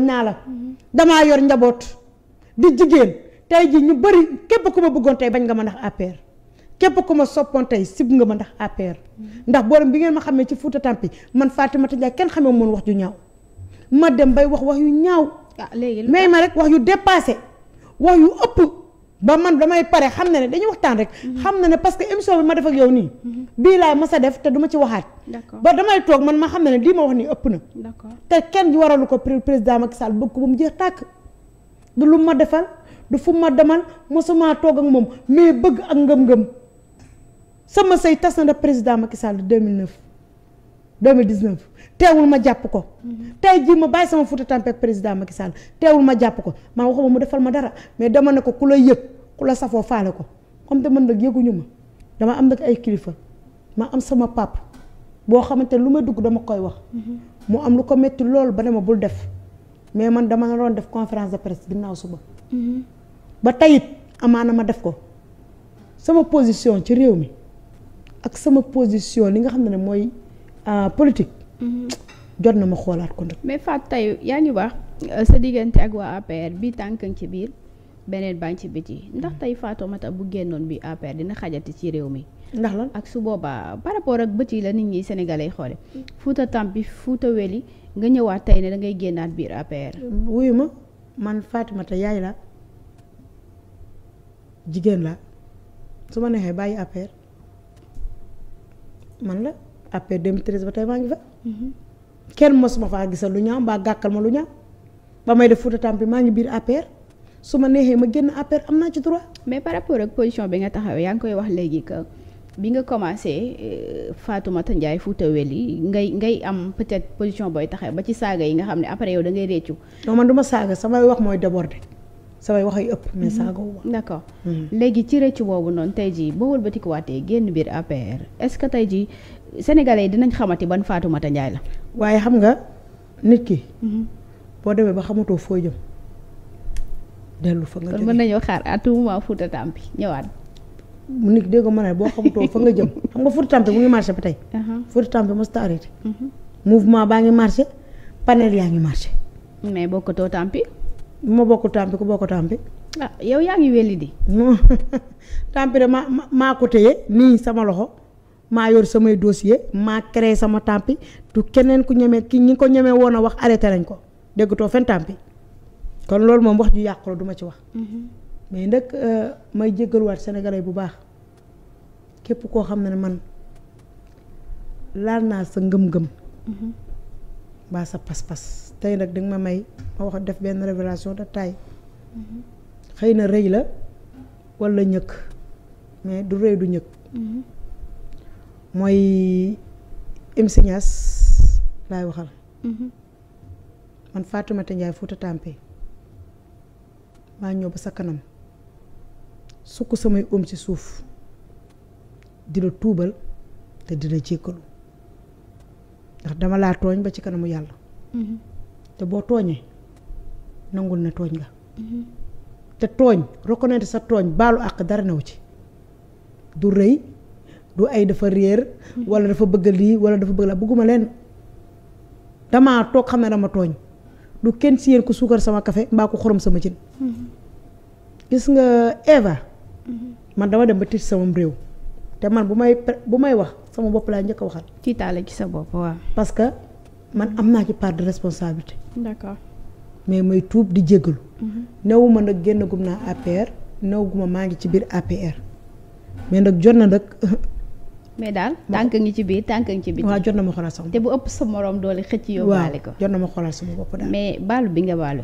naa la damaa yor njaboot di jigéen tey ji ñu bari képp ku ma bëggoon tey bañ nga ma ndax APR képp ku ma soppoon tey sib nga ma ndax APR ndax borom bi ngeen ma xamee ci Fuuta Tampi man fàtte ma Fatimata Ndiaye kenn xamee moon wax ju ñaaw ma dem bay wax wax yu ñaaw ah, may ma rek wax yu dépassé wax yu ëpp ba man damay pare xam na ne dañuy waxtaan rek. Mhm. xam na ne parce que émission bi ma def ak yow nii. Mhm. bii laa mas a def te du ma ci waxaat. ba damay toog man ma xam ne ne lii ma wax nii ëpp na. te kenn waralu ko président Macky Sall bëgg ko ba mu jeex tàkk. du lu ma defal du fu ma demal mosuma toog ak moom mais bëgg ak ngëm-ngëm sama sëy tas na da président Macky Sall 2009 2019 teewul ma jàpp ko. Mhm. tey jii ma bàyyi sama Fouta Tampi ak président Macky Sall teewul ma jàpp ko maa waxuma mu defal ma dara mais dama ne ko ku lay yëg. ku la safoo faale ko comme te man nag yëguñu ma dama am nag ay kilifa ma am sama pap boo xamante lu ma dugg dama koy wax mu am lu ko metti loolu ba ne ma bul def mais man dama na def conférence de presse ginnaaw suba ba tayit amaana ma def ko sama position ci réew mi ak sama position li nga xam ne mooy euh, politique jot na ma xoolaat ko nag mais Fatou tey yaa ngi wax euh, sa diggante ak waa APR bi tànkan ci biir beneen baa ngi ci biti ndax tey Fatoumata bu génnoon bii APR dina xajati ci réew mi. ndax lan ak su boobaa par rapport ak bët yi la nit ñi sénégalais xoole Fouta Tampi Fouta Weli nga ñëwaat tey ne da ngay génnaat biir APR. wuyu ma man Fatoumata yaay la jigéen la su ma neexee bàyyi APR man la APR 2013 ba tey maa ngi fa. Mhm. kenn mosuma faa gisal lu ñaaw mbaa gàkkal ma lu ñaaw ba may def Fouta Tampi maa ngi biir APR. su ma neexee ma génn APR am naa ci droit. mais par rapport ak position bi nga taxawee yaa ngi koy wax léegi que bi nga commencé euh, Fatoumata njaay Fouta Weli ngay ngay am peut-être position booy taxawee ba ci saaga yi nga xam ne après yow da ngay réccu. non man duma saaga samay wax mooy déborder samay wax ay ëpp. mais mhm. saaga wu ma. d'accord mhm. léegi ci réccu boobu noonu tey jii boo wëlbatikuwaatee génn biir APR est-ce que tey jii sénégalais yi dinañ xamati ban Fatoumata Ndiaye la. waaye xam nga nit ki. Mhm. boo demee ba xamatoo foo delu fa nga jëm mën nañu xaar à tout moment Fouta Tampi ñëwaat mu nit dégg ma ne boo xamutoo fa nga jëm xam nga Fouta Tampi mu ngi marché ba tey uh-huh. Fouta Tampi mosut arrêté uh-huh. mouvement baa ngi marché panel yaa ngi marché mais bokkatoo Tampi ma bokku Tampi ko bokk Tampi ah yow yaa ngi weli di Tampi de ma maa ko téye nii sama loxo maa yor samay dossier maa créé sama Tampi du keneen ku ñeme ki ñi ko ñeme woon a wax arrêté nañ ko déggatoo fen Tampi kon loolu moom wax ju yàqu duma ci wax. Mm-hmm. mais nag euh, may jéggaluwaat sénégalais bu baax képp koo xam ne man laal naa sa ngëm-ngëm. Mm-hmm. mbaa sa pas-pas tey nag danga ma may ma wax def benn révélation de taille. Mm-hmm. xëy na rëy la walla ñëkk mais du rëy du ñëkk. mooy MC Niass laay waxal. man Fatoumata Ndiaye Fouta Tampi. maa ñëw ba sa kanam sukk samay om ci suuf di tuubal te di la jéggalu ndax dama laa tooñ ba ci kanamu yàlla mm-hmm. te boo tooñee nangul na tooñ nga mm-hmm. te tooñ reconnaître sa tooñ baalu àq dara new ci du rëy du ay dafa réer mm-hmm. wala dafa bëgg lii wala dafa bëgg la bëgguma leen damaa toog xam ne dama tooñ du ken si yéen ko sugar sama café mba ko xorom sama jin gis nga Eva man dama dem ba tiit samam réew te man bu may bu may wax sama bop la ñëk waxal ci tiitaale ci sa bop wa parce que man amna ci part de responsabilité d'accord mais may tuub di jéggul mhm. newuma nak génn gum APR newuma ma ngi ci bir APR mais nak jonne nak mais daal tànk ngi ci biir tànk ngi ci biir. waaw jot na ma xoolal sama bopp te bu ëpp sa morom doole xëcc yóbbaale ko. waaw jot na ma xoolal sama bopp daal. mais baalu bi nga baalu.